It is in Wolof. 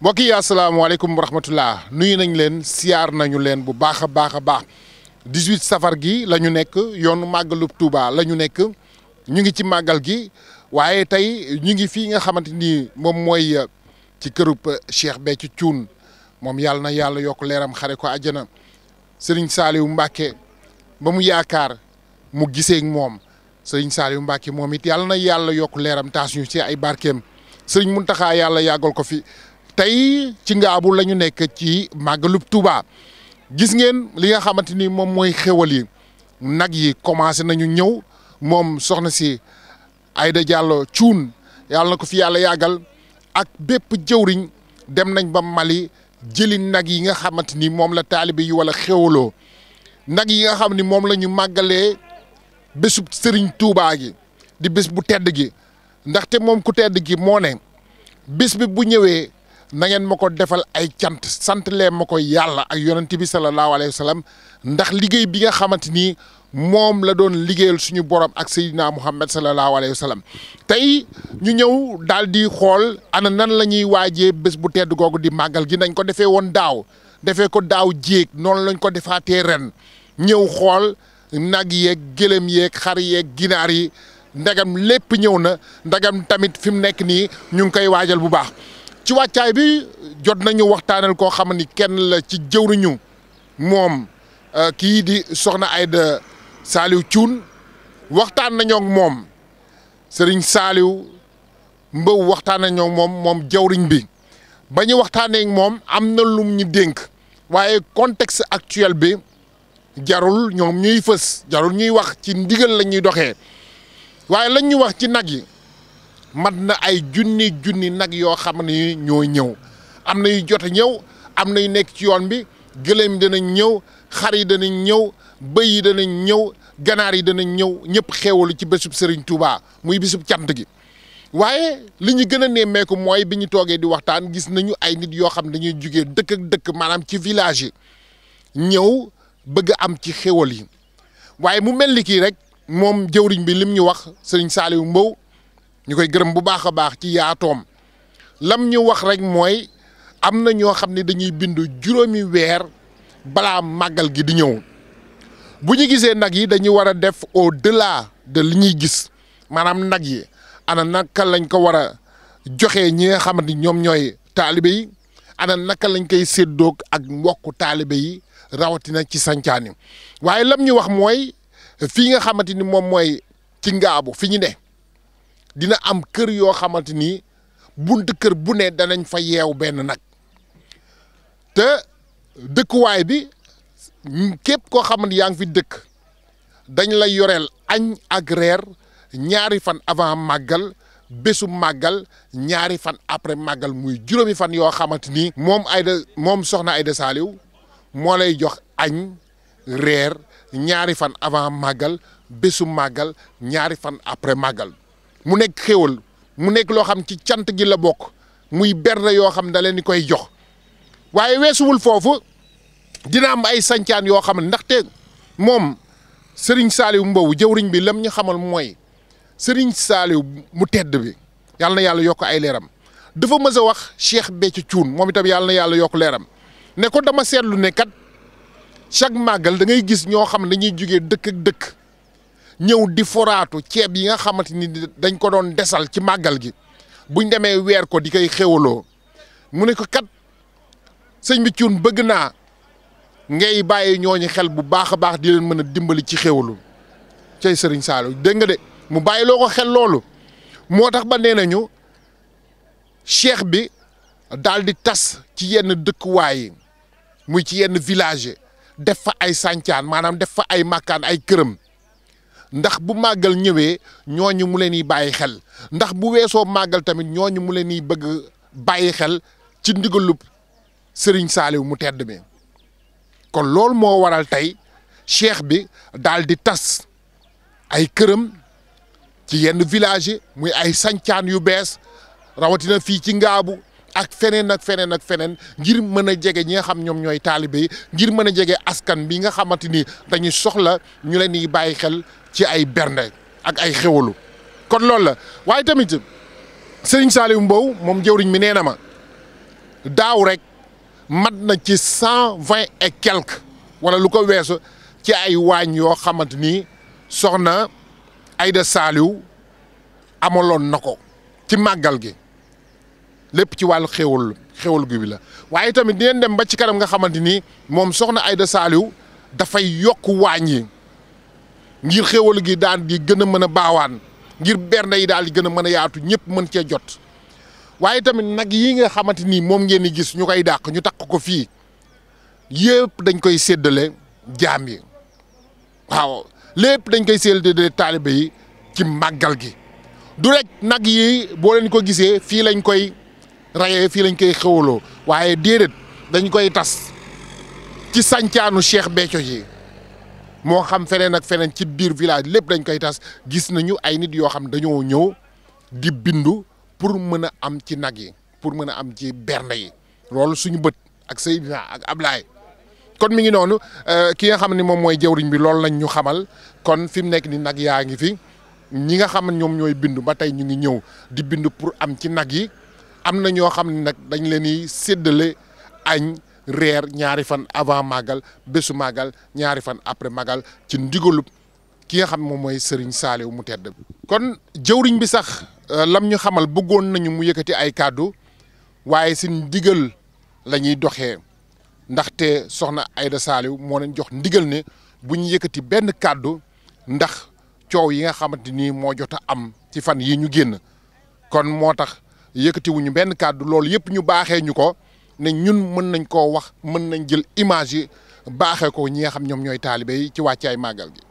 mbokk yi asalaamaaleykum wa rahmatullah nuyu nañ leen siyaar nañu leen bu baax a baax a baax 18 safar gi la ñu nekk yoonu màggalu Touba la ñu nekk ñu ngi ci màggal gi waaye tey ñu ngi fii nga xamante ni moom mooy euh, ci kërub euh, Cheikh Béthio Thioune moom yàlla na yàlla yokk leeram xare ko àjjana sëriñ Saliou Mbacke ba mu yaakaar mu gisee moom sëriñ Saliou Mbacke moom it yàlla na yàlla yokk leeram taas ñu ci ay barkeem sëriñ Mountakha yàlla yàggal ko fi. tey ci ngaabu la ñu nekk ci màggalub Touba gis ngeen li nga xamante ni moom mooy xéwal yi nag yi commencé nañu ñëw moom soxna si ayda Diallo cuun yàlla na ko fi yàlla yàggal ak bépp jëwriñ dem nañ ba Mali jëli nag yi nga xamante ni moom la taalibe yi wala xéwaloo nag yi nga xam ni moom la ñu màggalee bésub sëriñ tuubaa gi di bés bu tedd gi ndaxte moom ku tedd gi moo ne bés bi bu ñëwee na ma ko defal ay cant sant leen ma ko yàlla ak yonent bi sallallahu alayhi wa sallam ndax liggéey bi nga xamante ni moom la doon liggéeyal suñu borom ak Seydina Muhammad sallallahu alayhi wa sallam tey ñu ñëw daal di xool ana nan la ñuy waajee bés bu tedd googu di màggal gi nañ ko defee woon daaw defee ko daaw jéeg noonu lañ ko defaatee ren ñëw xool nag yeeg gëlëm yeeg xar yeeg ginaar yi ndagam lépp ñëw na ndagam tamit fi mu nekk nii ñu ngi koy waajal bu baax ci wàccaay bi jot nañu waxtaanal koo xam ni kenn la ci jëwriñu moom euh, kii di soxna Aida Saliou Thioune waxtaan nañoo moom sëriñ saaliw Mbow waxtaan nañoo moom moom jëwriñ bi bañu waxtaanee moom am na lum ñu dénk waaye contexte actuel bi jarul ñoom ñuy fës jarul ñuy wax ci ndigal la ñuy doxee waaye lañ ñu wax ci nag yi. mat na ay junni junni nag yoo xam ne ñoo ñëw am na yu jot ñëw am na yu nekk ci yoon bi gëléem danañ ñëw xar yi danañ ñëw bëy yi danañ ñëw ganaar yi danañ ñëw ñëpp xewalu ci bésub Serigne Touba muy bésub cant gi waaye li ñu gën a nemmeeku mooy bi ñu toogee di waxtaan gis nañu ay nit yoo xam dañuy jugee dëkk ak dëkk maanaam ci village yi ñëw bëgg am ci xéwal yi waaye mu mel ni kii rek moom jëwriñ bi lim ñu wax sëriñ Saliou Mbow ñu koy gërëm bu baax a baax ci yaatoom lam ñu wax rek mooy am na ñoo xam ne dañuy bindu juróomi weer balaa màggal gi di ñëw bu ñu gisee nag yi dañuy war a def au delà de li ñuy gis maanaam nag yi ana naka lañ ko war a joxe ñi nga xamante ñoom ñooy taalibe yi naka lañ koy séddoog ak mbokku taaliba yi rawatina ci sancaani waaye lam ñu wax mooy fii nga xamante ni moom mooy ci ngaabu fi ñu ne dina am kër yoo xamante ni bunt kër bu ne danañ fa yeew benn nag te dëkkuwaay bi képp koo xamante yaa ngi fi dëkk dañ la yoreel añ ak reer ñaari fan avant màggal bésu màggal ñaari fan après màggal muy juróomi fan yoo xamante ni moom Aïda moom soxna Aïda Saliou moo lay jox añ reer ñaari fan avant màggal bésu màggal ñaari fan après màggal mu nekk xéwal mu nekk loo xam ci cant gi la bokk muy berne yoo xam da leen di koy jox waaye weesuwul foofu dina am ay sancaan yoo xam ne ndaxte moom Serigne Saliou Mbow jëwriñ bi lam ñu xamal mooy Serigne Saliou mu tedd bi yàlla yàlla yokk ay leeram dafa mës a wax Cheikh Béthio Thioune moom itam yàlla yàlla yokk leeram ne ko dama seetlu ne kat chaque màggal da ngay gis ñoo xam ne dañuy jugee dëkk ak dëkk. ñëw di foraatu ceeb yi nga xamante ni dañ ko doon desal ci màggal gi buñ demee weer ko di koy xéwaloo mu ne ko kat sëñ bi cuun bëgg naa ngay bàyyi ñooñu xel bu baax a baax di leen mën a dimbali ci xéwalu cay sëriñ Saliou dégg nga de mu bàyyi loo ko xel loolu moo tax ba nee nañu cheikh bi daal di tas ci yenn dëkkuwaay yi muy ci yenn village def fa ay sàncaan maanaam def fa ay màkkaan ay këram ndax bu màggal ñëwee ñooñu mu leen di bàyyi xel ndax bu weesoo màggal tamit ñooñu mu leen di bëgg bàyyi xel ci ndigalub sëriñ Saaliw mu tedd mi kon loolu moo waral tey cheikh bi daal di tas ay këram ci yenn village muy ay sancaan yu bees rawatina fii ci ngaabu ak feneen ak feneen ak feneen ngir mën a jege ñi nga xam ñoom ñooy taalibe yi ngir mën a jege askan bi nga xamante ni dañuy soxla ñu leen di bàyyi xel ci ay bernde ak ay xewalu kon loolu la waaye tamit Serigne Saliou Mbow moom jëwriñ mi nee na ma daaw rek mat na ci cent vingt et quelque wala lu ko weesu ci ay waañ yoo xamante ni soxna Aïda Saliou amaloon na ko ci màggal gi lépp ci wàllu xéwal xéwal gi bi la waaye tamit dinañ dem ba ci kanam nga xamante ni moom soxna Aïda Saliou dafay yokk waañ yi ngir xéwal gi daan di gën a mën a baawaan ngir bernde yi daal di gën a mën yaatu ñëpp mën cee jot waaye tamit nag yi nga xamante ni moom ngeen di gis ñu koy dàq ñu takk ko fii yépp dañ koy seddale jaam yi waaw lépp dañ koy séddale taalibe yi ci màggal gi du rek nag yi boo leen ko gisee fii lañ koy rayee fii lañ koy xewaloo waaye déedéet dañ koy tas ci sancaanu Cheikh Béthio yi moo xam feneen ak feneen ci biir village lépp dañ koy tas gis nañu ay nit yoo xam dañoo ñëw di bindu pour mën a am ci nag yi pour mën a am ci bernde yi loolu suñu bët ak Seydina ak Ablaye kon mi ngi noonu euh, ki nga xam ni moom mooy jawriñ bi loolu lañ ñu xamal kon fi mu nekk ni nag yaa ngi fi ñi nga xam ñoom ñooy bindu ba tey ñu ngi ñëw di bindu pour am ci nag yi am na ñoo xam ne nag dañ leen di séddale añ reer ñaari fan avant màggal bésu màggal ñaari fan après màggal ci ndigalub ki nga xam moom mooy Serigne Saliou mu tedd kon jëwriñ bi sax euh, lam ñu xamal bëggoon nañu mu yëkkati ay kàddu waaye si ndigal la ñuy doxee ndaxte soxna Aida Saliou moo leen jox ndigal ne bu ñu yëkkati benn kàddu ndax coow yi nga xamante ni moo jot a am ci fan yi ñu génn kon moo tax yëkkatiwuñu benn kàddu loolu yëpp ñu baaxee ñu ko ne ñun mën nañ koo wax mën nañ jël image yi baaxee ko ñi nga xam ñoom ñooy taalibe yi ci wàccaay màggal gi